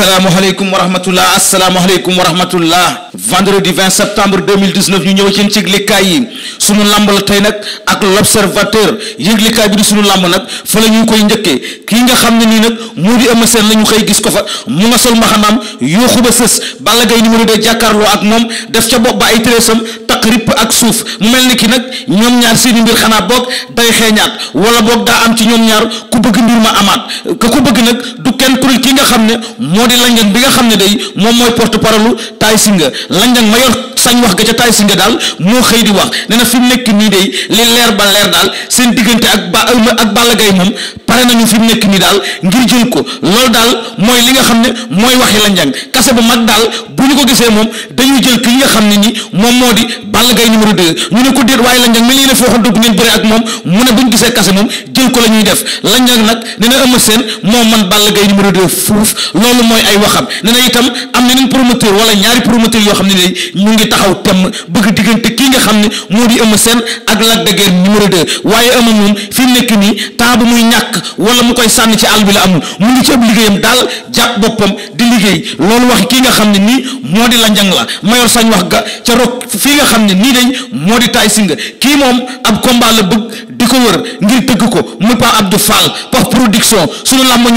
asalaamaaleykum wa rahmatullah asalaamaaleykum wa rahmatullah vendredi 20 septembre 2019 ñu ñëw ci yëglikaay yi sunu lamb la tey nag ak l'observateur yëglikaay bi di suñu lamb nag fa la ñu koy njëkkee ki nga xam ne ni nag moo di Eumeu Sène la ñu xëy gis ko fa mu nga sol ma maxanaam yooxu ba sës Balla Gaye numéro 2 jàkkaarloo ak moom def ca bopp ba ay tréesam takk ripp ak suuf mu mel ni ki nag ñoom ñaar seeni mbir xanaa boog day xeeñaat wala boog daa am ci ñoom ñaar ku bëgg mbir ma amaat ka ko bëgg nag kenn ku dul ki nga xam ne moo di lanjan bi nga xam ne day moom mooy porte parole taay singa lanjan ma yor sañ wax ga ca taay singa daal moo xëy di wax nee na fi mu nekk nii day li leer ba leer daal seen diggante ak ba euh, ak Balla Gaye moom pare nañu fi mu nekk nii daal ngir jël ko loolu daal mooy li nga xam ne mooy waxi lanjan kase bu mag daal bu ñu ko gisee moom dañuy jël ki nga xam ne ni moom moo di Balla Gaye numéro 2 ñu ne ko déet waaye Lac Niang mi lii la fi waxoon moom mu ne buñ gisee kase moom jël ko la ñuy def Lac Niang nag ne na Eumeu Sène moo man Balla Gaye numéro am na ñun wala ñaari promoteur yoo xam ne ne ñu ngi taxaw temm bëgg diggante kii nga xam ne moo di Eumeu Sène ak Lac de Guiers numéro 2 waaye Eumeu moom fi mu nekk nii temps bu muy ñàkk wala mu koy sànni ci àll bi la amul mu ngi ci ab liggéeyam daal jàpp boppam di liggéey loolu wax kii nga xam ne nii moo di Lac Niang la mayor sañ wax ga ca rok fii nga xam ne nii moo di Tay Shinger kii moom ab combat la bëgg di ko wër ngir tëgg ko muy Pa Abdou Fall Paf production fi mu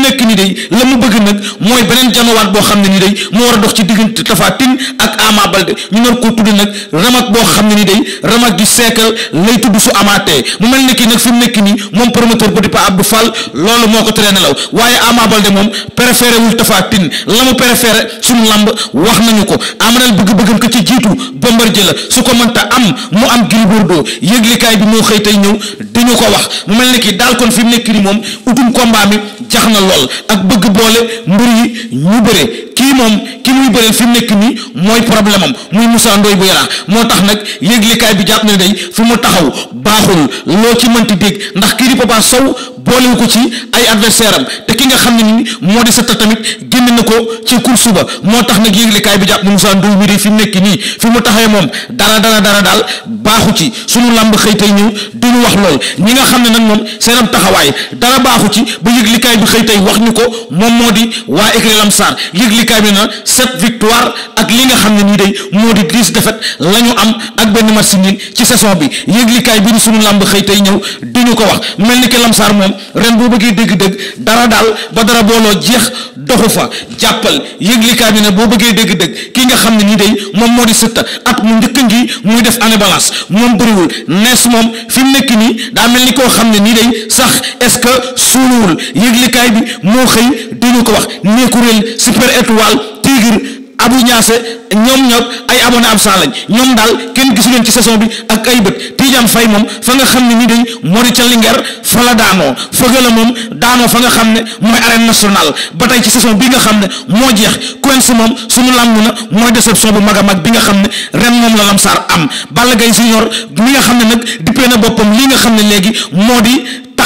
nekk ni day la mu mooy beneen janowaat boo xam ne ni day moo war a dox ci diggante Tapha Tine ak Ama Baldé ñu nar ko tudd nag ramak boo xam ne ni day ramak du siècle su amaatee mu mel ni kii nag fi mu nekk nii moom promoteur ba di Pa Abdou Fall loolu moo ko teree nelaw waaye Ama Baldé moom préféré wul Tapha Tine la mu préféré suñu làmb wax nañu ko amanal bëgg-bëggam ko ci jiitu Bombardier la su ko mënta am mu am Gris Bordeaux yëglikaay bi dañoo xëy tey ñëw ko wax mu mel ni ki daal kon fi mu nekk nii moom utum combat mi jax na lool ak bëgg boole mbir yi ñu bëre kii moom ki muy bëreel fi mu nekk nii mooy problème am muy Moussa Ndoye bu Yaraax moo tax nag yëglikaay bi jàpp na ne day fi mu taxaw baaxul loo ci mënti dégg ndax kii di Papa boolewu ko ci ay adversaire am te ki nga xam ne ni moo di Siteu tamit génn na ko ci course ba moo tax nag yëglekaay bi jàpp Moussa Ndoye mi de fi mu nekk nii fi mu taxawee moom dara dara dara daal baaxu ci sunu làmb xëy tey wax lool ñi nga xam ne nag moom seenam taxawaay dara baaxu ci ba yëglekaay bi xëy tey wax ñu ko moom moo di waa écurie Lamsar yëglekaay bi na sept victoire ak li nga xam ne nii day moo di dix défaite la am ak benn match nul ci saison bi yëglekaay bi ni sunu làmb xëy tey ñëw duñu ko wax mel ni que Lamsar moom ren boo bëggee dégg-dégg dara daal ba dara booloo jeex doxu fa jàppal yëglikaay bi ne boo bëggee dégg-dégg kii nga xam ne nii day moom moo di sëtta at mu njëkk ngi muy def année balance moom bëriwul nees moom fi mu nekk nii daa mel ni koo xam ne nii day sax est-ce que suuluwul yëglikaay bi moo xëy dañu ko wax nee kuréel super étoile tigre Abou Niasse ñoom ñoom ay abonné absent lañ ñoom daal kenn gisu leen ci saison bi ak ay bët Tidiane Faye moom fa nga xam ne nii dañ moo di ca Linguère fa la daanoo fëgala moom daanoo fa nga xam ne mooy arène nationale ba tey ci saison bi nga xam ne moo jeex Quench moom suñu làmb na mooy déception bu mag a bi nga xam ne ren moom la lamsaar am Balla Gaye Junior mi nga xam ne nag dippee na boppam li nga xam ne léegi moo di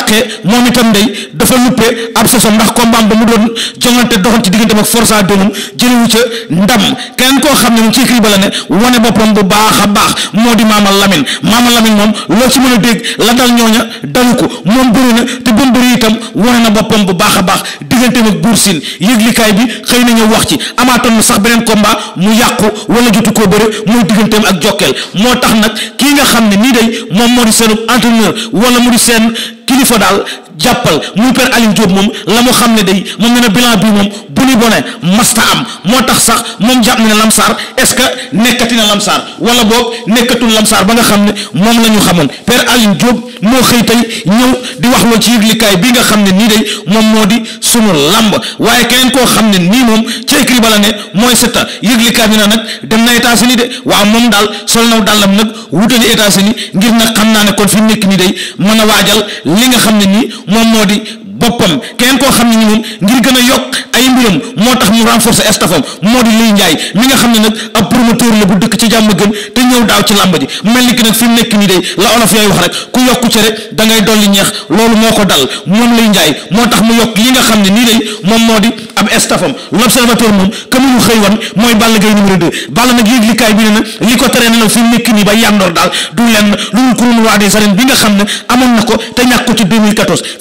Mbàkke moom itam ndey dafa luppe ab sosam ndax combat ba mu doon jongante doxoon ci digganteem ak forsa domum jëliwu ca ndam keneen koo xam ne mu ci kii ba la ne wane boppam bu baax a baax moo di Maama Lamine Maama Lamine moom loo ci mën a dégg la dal ñooña dalu ko moom bëri na te bu mu bëri itam wane na boppam bu baax a baax digganteem ak buur siin yëglikaay bi xëy na ñëw wax ci amaatoon na sax beneen combat mu yàqu wala jotu koo bëri muy digganteem ak jokkeel moo tax nag kii nga xam ne nii day moom moo di seen entraîneur wala mu di seen kilifa daal jàppal mu per Alioune Diop moom la mu xam ne day moom nee na bilan bi bu ñu bone masta am moo tax sax moom jàpp na ne lamsaar est-ce que nekkati na lamsaar wala boog nekkatul lamsaar ba nga xam ne moom la ñu xamoon père Alioune Diop moo xëy tey ñëw wax lool ci yëglikaay bi nga xam ne nii day moom moo di sunu lamb waaye keneen koo xam ne nii moom ci ba la ne mooy setta yëglikaay bi na dem na États-Unis de waaw moom daal sol naw dàllam nag wutali États-Unis ngir nag xam naa ne kon fi nekk nii day mën a waajal li nga xam ne nii moom moo di boppam keneen koo xam ne ñun ngir gën a yokk ay mbiram moo tax mu renforcer estafam moo di Liy Njaay mi nga xam ne nag ab promoteur la bu dëkk ci jàmm gën te ñëw daaw ci làmb ji mel ni ki nag moo ko dal moom moo tax mu yokk li nga xam ne nii de moom moo di ab estafam l'observateur moom ko tere ba yandoor daal du lenn lu dul kuréel waa des arènes bi nga xam ne amoon na ko te ñàkk ko ci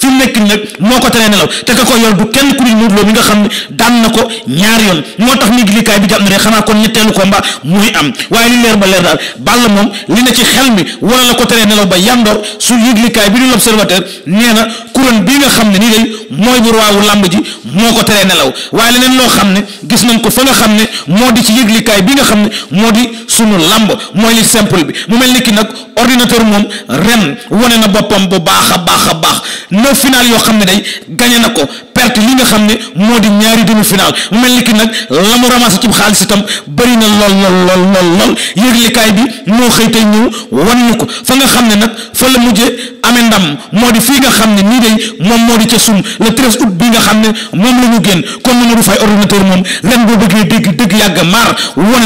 fi nekk nii nag moo ko tere nelaw te ka ko du kenn ku dul Modou Lo mi nga xam ne daan na ko ñaar yoon moo tax ni likaay bi jàpp na rek xanaa kon ñetteelu combat muy am waaye li leer ba leer daal Balla moom li na ci xel mi wala la ko teree nelaw ba yandoor su yëglikaay bi di l'observateur nee na kuréel nga xam ne nii day mooy bu waawu làmb ji moo ko teree nelaw waaye leneen loo xam ne gis nañ ko fa xam ne moo di ci yëglikaay bi nga xam ne moo di sunu làmb mooy li simple bi mu mel ni ki nag ordinateur moom ren wane na boppam bu baax a baax a baax neuf final yoo xam ne day gañe na ko perte li nga xam ne moo di ñaari demi final mu mel ni ki nag la mu ramassé ci xaalis itam bëri na lool lool lool lool lool yëglikaay bi moo xëy tey ñëw wan ñu ko fa nga xam ne nag fa la mujjee amee ndam moo di fii nga xam ne nii day moom moo di ca sum le 13 août bi nga xam ne moom la ñu génn kon Mamadou Faye ordinateur moom ren boo bëggee dégg dëgg yàgg maar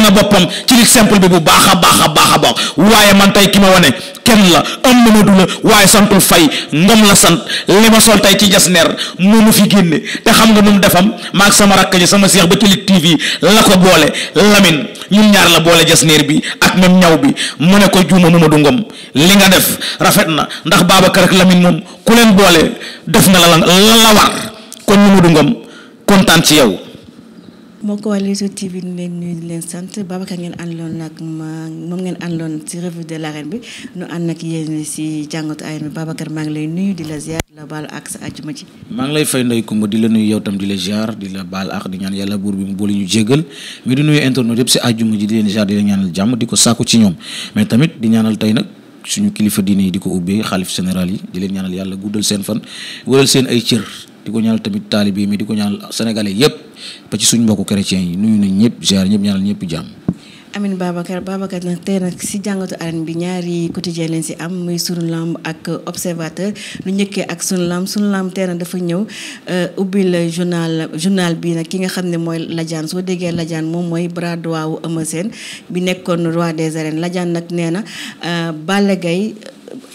na boppam ci li bu baax a baax a baax a baax waaye man tey ki ma wane kenn la am la waaye santul Faye ngom la sant li ma sol tey ci jasneer moom ma fi génne te xam nga nu mu defam maag sama rakk ji sama seex ba ci lit tv la ko boole lamin ñun ñaar la boole jasneer bi ak même ñaw bi mu ne ko juuma Mamadou Ngom li nga def rafet na ndax Babacar ak lamin moom ku leen boole def na la la war kon Mamadou Ngom kontaan ci yow moo ko waa Leewtoo TV ñu leen nuyu di leen sant Babacar ngeen àndoon nag ma moom ngeen àndoon ci revue de l'arène bi nu ànd nag yéen ci jàngatu arène bi Babacar maa ngi lay nuyu di la ziar di la baal ak sa àjjuma ci yow tam di la di la baal ak yàlla buur bi mu boole ñu jéggal mais di nuyu internet yëpp ci àjjuma ji di leen ziar di la ñaanal jàmm di ko sàkku ci ñoom mais tamit di ñaanal tey nag suñu kilifa diine yi di ko ubbee xaalif général yi di leen ñaanal yàlla guddal seen fan wëral seen ay cër di ko ñaanal tamit taalibe mi di ko ñaanal sénégalais yépp ba ci suñ mbokku chrétiens yi nuyu nañ ñëpp ziar ñëpp ñaanal ñëpp jàmm. Amin Babacar Babacar nag tey nag si jàngatu arène bi ñaari quotidien leen si am muy sunu lamb ak observateur lu njëkkee ak sunu lamb sunu lamb tey nag dafa ñëw euh, ubbil journal journal bi nag ki nga xam ne mooy Ladiane soo déggee Ladiane moom mooy bras droit wu Eumeu Sène bi nekkoon roi des arènes Ladiane nag nee na euh, Balla Gaye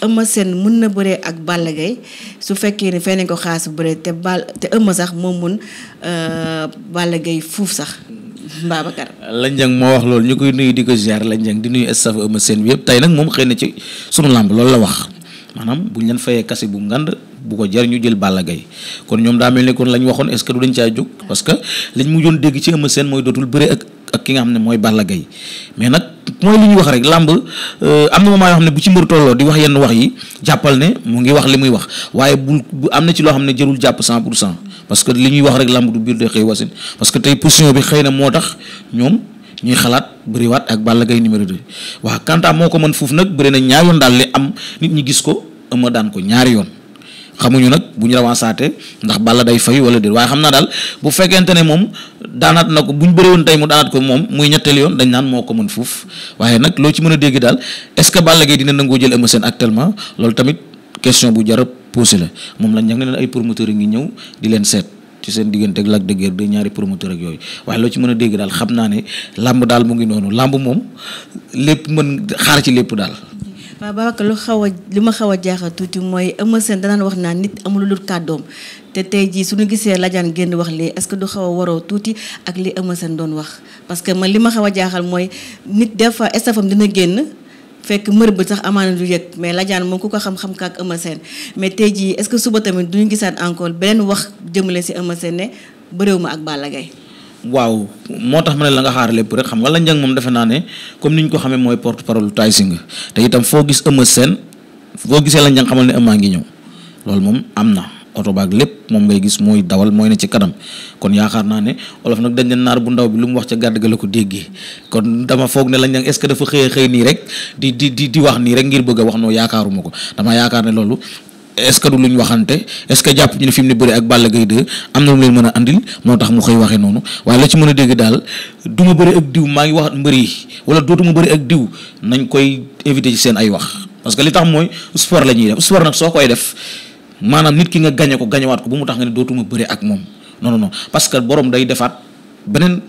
Eumeu Sène mën na bëree ak Balla Gaye su fekkee ni feneen ko xaas bëree te bal te Eumeu sax moo mun euh, Balla Gaye fuuf sax Babacar. Lanjang moo wax loolu ñu koy nuyu di ko ziar Lanjang di nuyu staff Eumeu Sène bi yëpp tey nag moom xëy na ci sunu làmb lool la wax maanaam buñ leen fayee kase bu ngand bu ko jar ñu jël Balla Gaye kon ñoom daa mel ni kon la ñu waxoon est-ce que du dañ caa jóg parce que mujjoon dégg ci Eumeu Sène mooy dootul bëre ak. ak ki nga xam ne mooy Balla Gaye mais nag mooy li ñuy wax rek làmb euh, am na moment yoo xam ne bu ci mbër tolloo di wax yenn wax yi jàppal ne mu ngi wax li muy wax waaye bu am na ci loo xam ne jërul jàpp cent pour cent parce que li ñuy wax rek làmb du biir de xëy wasin parce que tey position bi xëy na moo tax ñoom ñuy xalaat bëriwaat ak Balla gay numéro 2 waaw Kanta moo ko man foofu nag bëri na ñaar yoon daal li am nit ñi gis ko ëma daan ko ñaari yoon xamuñu nag bu ñu rawansaate ndax Balla day fay wala déet waaye xam naa daal bu fekkente ne moom daanaat na ko bu ñu bëriwoon tey mu daanaat ko moom muy ñetteel yoon dañ naan moo ko mën fuuf waaye nag loo ci mën a dégg daal est-ce que Balla dina nangoo jël Eumeu Sène actuellement loolu tamit question bu jar a la moom lañ ñag ne leen ay promoteurs yi ngi ñëw di leen seet ci seen diggante ak Lac de Guiers de ñaari promoteur ak yooyu waaye loo ci mën a dégg daal xam naa ne làmb daal mu ngi noonu làmb moom lépp mën xaar ci lépp daal waaw Babacar lu xaw a li ma xaw a jaaxal tuuti mooy Eumeu Sène danaan wax naa nit amul lu kàddoom te tey jii suñu gisee lajaan génn wax lii est-ce que du xaw a waroo tuuti ak li Eumeu doon wax parce que man li ma xaw a jaaxal mooy nit des fois estafam dina génn fekk mër bi sax amaana du yëg mais lajaan moom ku ko xam-xam ka ak Eumeu mais tey jii ce que suba tamit duñu gisaat encore beneen wax jëmale si Eumeu Sène ne bëréew ma ak Balla waaw moo tax ma ne la nga xaar lépp rek xam nga la njàng moom defe naa ne comme ni ñu ko xamee mooy porte parole Tay Shinger te itam foo gis Eumeu Sène foo gisee la njàng xamal ne Eumeu ngi ñëw loolu moom am na oto baag lépp moom ngay gis mooy dawal mooy ne ci kanam kon yaakaar naa ne olof nag dañ ne naar bu ndaw bi lu mu wax ca gàdd ga la ko déggee kon dama foog ne la njàng est-ce que dafa xëyee xëy nii rek di di di di wax nii rek ngir bëgg a wax noo yaakaaruma ko dama yaakaar ne loolu est-ce que du luñ waxante est-ce que jàpp ñu ne fi mu ne bëri ak Balla Gaye 2 am na lu leen mën a andil moo tax mu koy waxee noonu waaye la ci mën a dégg daal du ma bëri ak diw maa ngi wax mbër yi wala dootuma bëri ak diw nañ koy éviter ci seen ay wax parce que li tax mooy sport la ñuy def sport soo koy def maanaam nit ki nga gañe ko gañewaat ko bu mu tax nga ne dootuma bëri ak moom non non non parce que borom day defaat beneen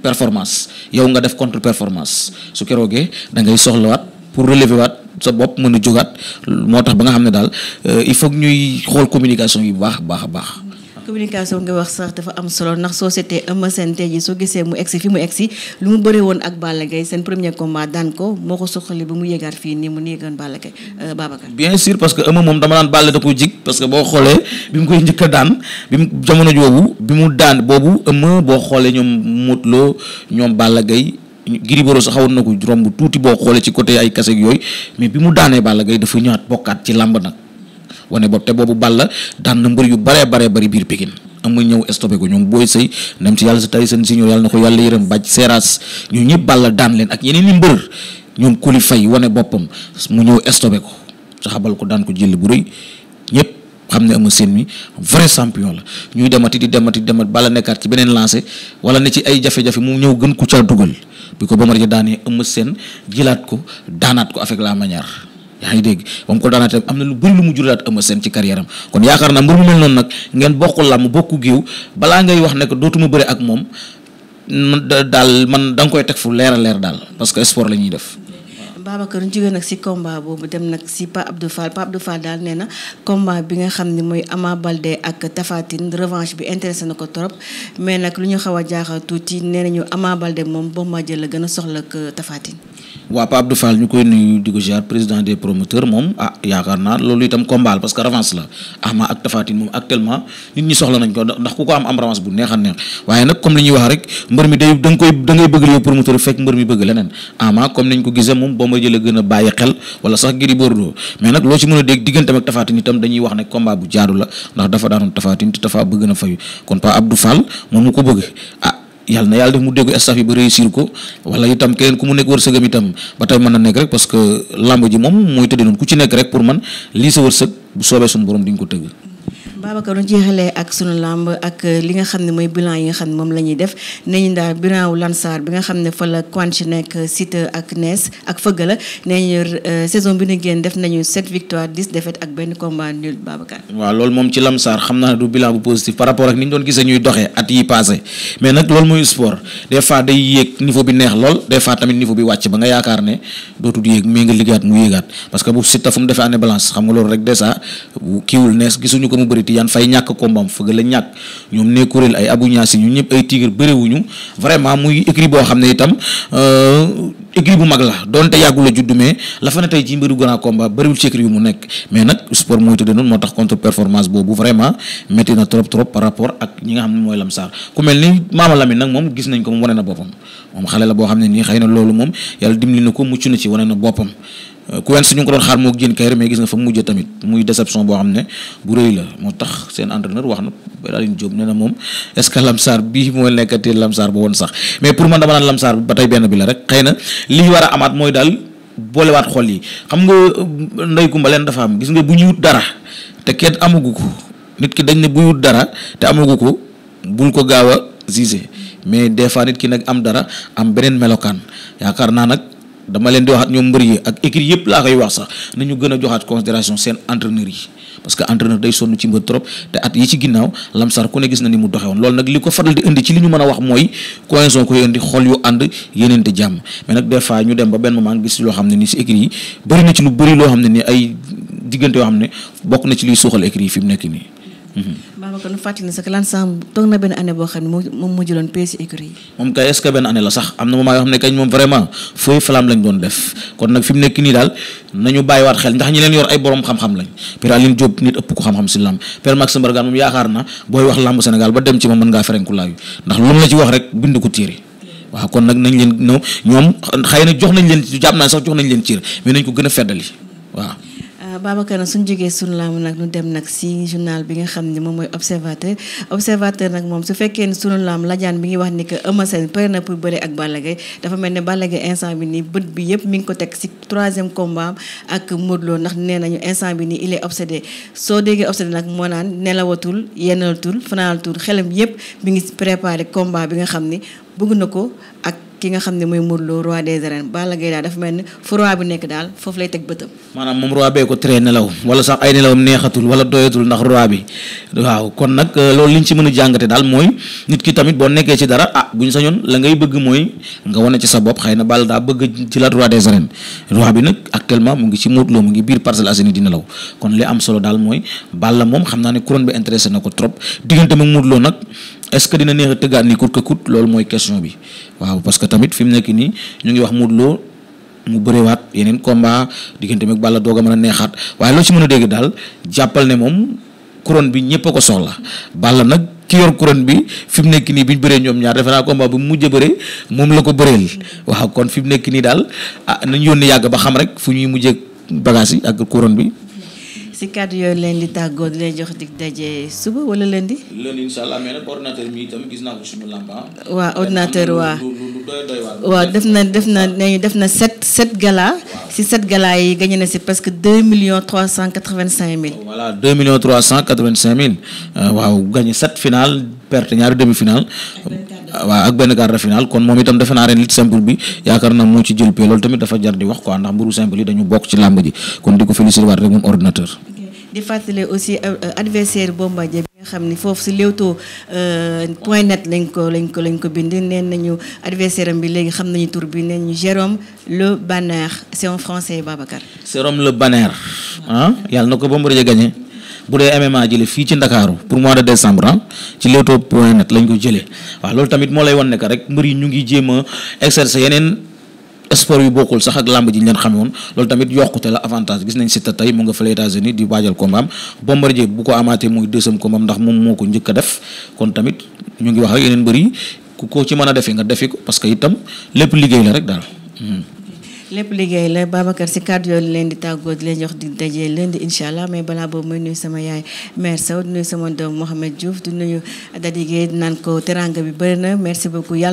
performance yow nga def contre performance su keroogee da ngay soxlawaat pour relever waat. sa bopp mën a jógaat moo tax ba nga xam ne daal euh, il faut ñuy xool communication yi bu baax baax a baax. communication nga wax sax dafa am solo ndax soo setee Eumeu Sène tey ji soo gisee mu egsi fi mu egsi lu mu bëri woon ak Balla gay seen premier combat daan ko moo ko soxali ba mu yéegaat fii nii mu néegoon Balla Gaye euh, Babacar bien sûr parce que Eumeu moom dama daan Balla da ko jig parce que boo xoolee bi mu koy njëkk a daan bi mu jamono joobu bi mu daan boobu Eumeu boo xoolee ñoom Modou Lo ñoom Balla Gaye Gris Bordeaux sax xawoon na ko romb tuuti boo xoolee ci côté ay kaseeg yooyu mais bi mu daanee Balla Gaye dafa ñëwaat bokkaat ci làmb nag wane boobu te boobu la daan na mbër yu baree baree bari biir Pikine ma ñëw stoppé ko ñoom booy sëy ndem ci yàlla sa tay seen signor yàlla na ko yàlla yërëm bàjj seeraas ñoom ñëpp Balla daan leen ak yeneen i mbër ñoom kuli fay wane boppam mu ñëw stoppé ko xabal ko daan ko jël bu rëy ñëpp xam ne ama seen mi vrai champion la ñuy demati di demati di demat Balla nekkaat ci beneen lancé wala ne ci ay jafe-jafe ñëw gën ku ca dugal bi ko Bombardier daanee Eumeu Sène jëlaat ko daanaat ko avec la manière yaa ngi dégg ba mu ko daanaatee am na lu bëri lu mu juralaat Eumeu seen ci carrière am kon yaakaar naa mbir mu mel noonu nag ngeen bokku làmm bokku géew balaa ngay wax ne ko dootuma bari ak moom daal man da nga koy teg fu leer a leer daal parce que sport la ñuy def. Babacar ñu jógee nag si combat boobu dem nag si Pape Abdou Fall Pape daal nee na combat bi nga xam ne mooy Ama Baldé ak Tapha revanche bi intéressé na ko trop mais nag lu ñu xaw a jaaxal tuuti nee nañu Ama Baldé moom Bombardier la gën a soxla ak euh, Tapha Tine. waaw Pape ñu koy nuyu di ko président des promoteurs moom ah yaakaar naa loolu itam combat parce que revanche la Ama ak Tapha moom actuellement nit ñi soxla nañ a Bombardier la gën a bàyyi xel wala sax Gris Bordeaux mais nag loo ci mën a dégg digganteem ak Tapha Tine itam dañuy wax ne combat bu jaadu la ndax dafa daanoon Tapha te Tapha bëgg na fayu kon Pa Abdou Fall moom mu ko bëgg ah yàlla na yàlla def mu dégg staff yi ba réussir ko wala itam keneen ku mu nekk wërsëgam itam ba tey mën na nekk rek parce que lamb ji moom mooy tëddee noonu ku ci nekk rek pour man lii sa wërsëg bu soobee suñu borom di ko tëgg Babacar ñu jeexalee ak sunu làmb ak euh, li nga xam ne mooy bilan yi nga xam ne moom la ñuy def nee ñu daal bilan wu Lansar bi nga xam ne fa la Quench nekk euh, Siteu ak Nees ak Fëggala nee ñu euh, saison bi ñu génn def nañu 7 victoire 10 défaites ak benn combat nul Babacar. waaw loolu moom ci Lansar xam naa ne du bilan bu positif par rapport ak ni doon gisee ñuy doxee at yi passé mais nag loolu mooy sport des fois day yéeg niveau bi neex lool des fois tamit niveau Tidiane Faye ñàkk kombaam fëgg la ñàkk ñoom ne kuréel ay Abou Niassi ñu ñëpp ay tigre bëriwuñu vraiment muy écrit boo xam ne itam euh, écrit bu mag la donte yàggul la judd mais la fa ne tey ci mbiru grand combat bëriwul ci écrit yu mu nekk mais nag sport mooy tudde noonu moo tax contre performance boobu vraiment métti na trop trop par rapport ak ñi nga xam ne mooy Lamsar ku mel ni Maama Lamine nag moom gis nañ ko mu wane na boppam moom xale la boo xam ne nii xëy na loolu moom yàlla dimbali na ko mucc Kuwens ñu ngi ko doon xaar moo jën kayre mais gis nga fa mujj tamit muy déception boo xam ne bu rëy la moo tax seen entraîneur wax na Alioune Diop nee na moom est ce que Lamsar bi mooy nekkati Lamsar ba woon sax mais pour man dama naan Lamsar ba tey benn bi la rek xëy na li ñu war a amaat mooy daal boolewaat xol yi xam nga euh, ndey kumba leen dafa am gis nga bu ñu dara te kenn amagu ko nit ki dañ ne bu wut dara te amagu ko bul ko gaaw a zisé mais des fois nit ki nag am dara am beneen melokaan yaakaar naa nag. dama leen di waxaat ñoom mbër yi ak équipe yëpp laa koy wax sax nañu gën a joxaat considération seen entraîneur yi parce que entraîneur day sonn ci mbër trop te at yi ci ginnaaw lamsar ku ne gis na ni mu doxe lool loolu nag li ko faral di indi ci li ñu mën a wax mooy cohésion koy indi xol yu ànd yeneen di jàmm mais nag des fois ñu dem ba benn moment gis loo xam ne nii si équipe yi bëri na ci lu bëri loo xam ne nii ay diggante yoo xam ne bokk na ci liy suuxal équipe fi mu nekk nii Babacar nu fàttali ne sax l'ensemble toog na benn année boo xam ne moom moo jëloon pees écurie yi. moom kay est ce que benn année la sax am na moment moom vraiment fooy nekk nii daal nañu bàyyiwaat xel ndax ñi leen yor ay borom xam-xam lañ Père Aline Diop moom yaakaar na booy wax lamb Sénégal ba dem ci moom mën ngaa ferenku laayu ndax lu mu ci wax rek bind ko téere waaw kon nag nañ leen ñoom xëy na jox nañ leen jàpp naa sax jox nañ leen ciir mais Babacar nag suñ jógee suñu laamu nag ñu dem nag si journal bi nga xam ne moom mooy observateur observateur nag moom su fekkee ne suñu laam lajaan bi ngi wax ni que Eumeu Sène pare na pour bëre ak Balla Gaye dafa mel ne Balla Gaye instant bi nii bët bi yëpp mi ngi ko teg si troisième combat ak Modou Lo ndax nee nañu instant bi nii il est soo déggee obsédé nag moo naan nelawatul yennalatul fanaanatul xelam yëpp mu ngi préparé komba bi nga xam ni bëgg na ko ak ki nga xam ne mooy Modou Lo roi des arènes Balla Gaye daal dafa mel ni fu roi bi nekk daal foofu lay teg bëtam maanaam moom roi bee ko tere nelaw wala sax ay nelawam neexatul wala doyatul ndax roi bi waaw kon nag euh, loolu li ñu ci mën a jàngate daal mooy nit ki tamit boo nekkee ci dara ah bu ñu sañoon la ngay bëgg mooy nga wane ci sa bopp xay na Balla daa bëgg ci la roi des arènes roi bi nag actuellement mu ngi ci Modou Lo mu ngi biir Parcelles Assainies di nelaw kon li am solo daal mooy Balla moom xam naa ne couronne bi intéressé na ko trop est-ce que dina neex a tëggaat nii coûte que coûte loolu mooy question bi waaw parce que tamit fi mu nekk nii ñu ngi wax Modou loo mu bërewaat yeneen combat diggante ak Balla doog a mën a neexaat waaye loo ci mën a dégg daal jàppal ne moom couronne bi ñëpp a ko soxla Balla nag ki yor couronne bi fi mu nekk nii bi ñu bëree ñoom ñaar defe naa combat bu mujj a bëree moom la ko bëreel waaw kon fi mu nekk nii daal ah nañ yónni yàgg ba xam rek fu ñuy mujjee bagage yi ak couronne bi si kàddu yooyu leen di tàggoo di lay jox dig daje suba wala lundi. lundi incha allah mais nag ordinateur mi itam gis naa ko suñu lamba. Ah. waaw ordinateur waaw waaw def na def na nee def na sept sept gala. si sept gala yi gagné na si parce que deux millions trois cent quatre vingt cinq mille. Oh, voilà deux millions trois cent quatre vingt cinq mille euh, waaw gagné sept final perte ñaari demi final. waaw ak benn quart de kon moom itam defe naa ren lutte simple bi yaakaar naa moo ci jël pee loolu tamit dafa jar di wax quoi ndax mburu simple yi dañu bokk ci làmb ji kon di ko féliciter waat rek moom di fàttale aussi euh, euh, adversaire Bombardier bi nga xam ni foofu si Leewtoo euh, point net lañ ko lañ ko lañ ko bind neen nañu adversaire am bi léegi xam nañu tur bi neen ñu Jérôme Le Banner c'est en français Babacar. Jérôme Le Banner ah yàlla na ko Bombardier gagné bu dee MMA jële fii ci Ndakaaru pour mois de décembre ah ci Leewtoo point net lañ ko jëlee waaw loolu tamit moo lay wan ne rek mbër yi ñu ngi jéem a yeneen. sport yu bokkul sax ak làmb ji ñu leen xamoon loolu tamit yokkute la avantage gis nañ si ta tey mu nga fële États-Unis di waajal combat am Bombardier bu ko amaatee muy deuxième combat ndax moom moo ko njëkk a def kon tamit ñu ngi wax ak yeneen mbër ku ko ci mën a defee nga defi ko parce que itam lépp liggéey la rek daal. Hmm. lépp liggéey la Babacar si kàddu leen di tàggoo di leen jox di daje leen di incha allah mais balaa boobu muy nuyu sama yaay mère Sow di nuyu sama doom Mouhamed Diouf di nuyu dadigéey naan ko teranga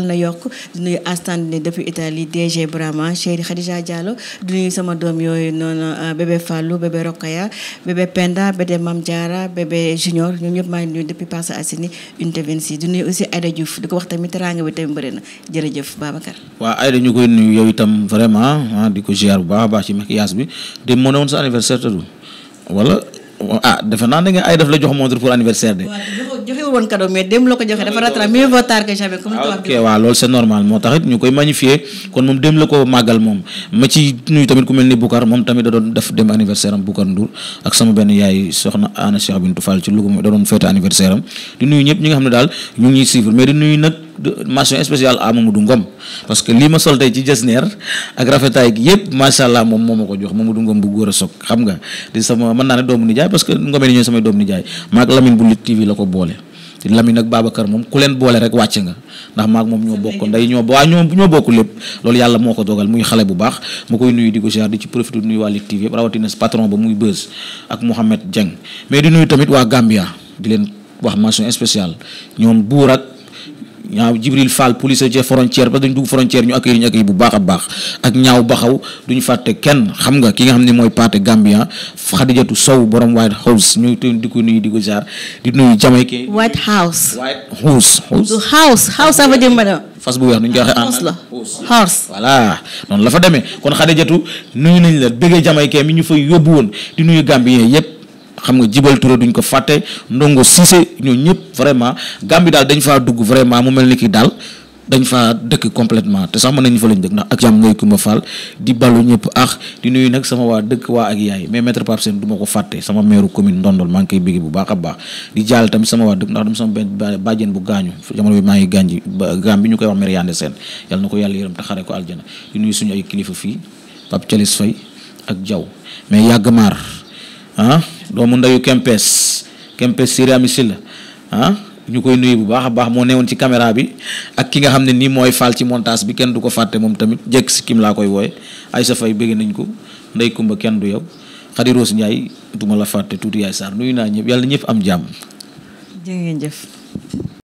na yokk di nuyu Astan ni depuis Italie DG Brahma chéri Khadija Diallo di nuyu sama doom yooyu noonu euh, bébé Fallou bébé Rokaya bébé Penda bébé Mam Diara bébé Junior ñoom ñëpp maa ngi depuis Parcelles Assainies unité 26 di nuyu aussi Aïda Diouf di ko wax tamit teranga bi tamit bëri na jërëjëf Babacar waaw Aïda ñu koy nuyu ah di ko ziar bu baax a baax ci maquillage bi te moo ne woon sa anniversaire tëdu wala ah defe naa ne nga ay daf la jox montre pour anniversaire de. ko joxe dafa rattra mieux vaut tard que ah, ok waaw loolu c'est normal moo tax ñu koy magnifier kon moom démb la ko màggal moom ma ci nuyu tamit ku mel ni Boucar moom tamit da doon def démb anniversaire am Boucar Ndour ak sama benn yaay soxna Anna Cheikh Bintou ci Louga da doon fête anniversaire di nuyu ñëpp ñi nga xam ne daal ñu ngi ñuy mention spéciale à Mamadou Ngom parce que lii ma sol tey ci jasneer ak rafetaay gi macha allah moom moo ma ko jox Mamadou Ngom bu góor a soog xam nga di sama mën naa ne doomu nijaay parce que Ngomee ni ñooy samay doomu nijaay maag Lamine bu Lutte TV la ko boole te ak Babacar moom ku leen boole rek wàcc nga ndax maag moom ñoo bokk nday ñoo waa ñoo ñoo bokk lépp loolu yàlla moo ko dogal muy xale bu baax ma koy nuyu di ko ziar di ci profité nuyu waa ñaaw Jibril Fall police ci frontière parce que dañ dugg frontière ñu accueil ñu accueil bu baax a baax ak ñaaw ba baxaw duñu fàtte kenn xam nga ki nga xam ni mooy paate Gambien Xadijatu Sow borom White House ñu di ko nuyu di ko jaar di nuyu Jamaïque White House White House House House ça veut dire madame fas bu weex nu ñu koy la horse voilà noonu la fa demee kon Xadijatu nuyu nañ la bëggee Jamaïque mi ñu fay yóbbu woon di nuyu Gambien yépp xam nga jibal Touré duñ ko fàtte ndongo Cissé ñoo ñëpp vraiment Gambie daal dañ faa dugg vraiment mu mel ni ki daal dañ faa dëkk complètement te sax mën nañu fa lañ dëkk ndax ak jàmm ngay Kumba Fall di balu ñëpp ax sama waa dëkk waa ak yaay mais maître ko fàtte sama meeru commune Ndondol maa ngi koy bégg bu baax a baax di jaal tamit sama waa dëkk ndax dama sama benn bu gaañu jamono bi maa ngi gaañ ji gaam ñu koy wax mère Yande Sène na ko yàlla yërëm te xare ko aljana di nuyu suñu ay kilifa fii Pape Thialis Faye ak Diaw ah doomu ndeyu Kempes Kempes Siriami Silla ah ñu koy nuyu bu baax a baax moo newoon ci caméra bi ak ki nga xam ne nii mooy faal ci montage bi kenn du ko fàtte moom tamit jekk si kim laa koy wooye ay sa fay bëgg nañ ko ndey kumba kenn du yow Khady Rose Ndiaye duma la fàtte tuuti yaay Sarr nuyu naa ñëpp yàlla ñëpp am jàmm.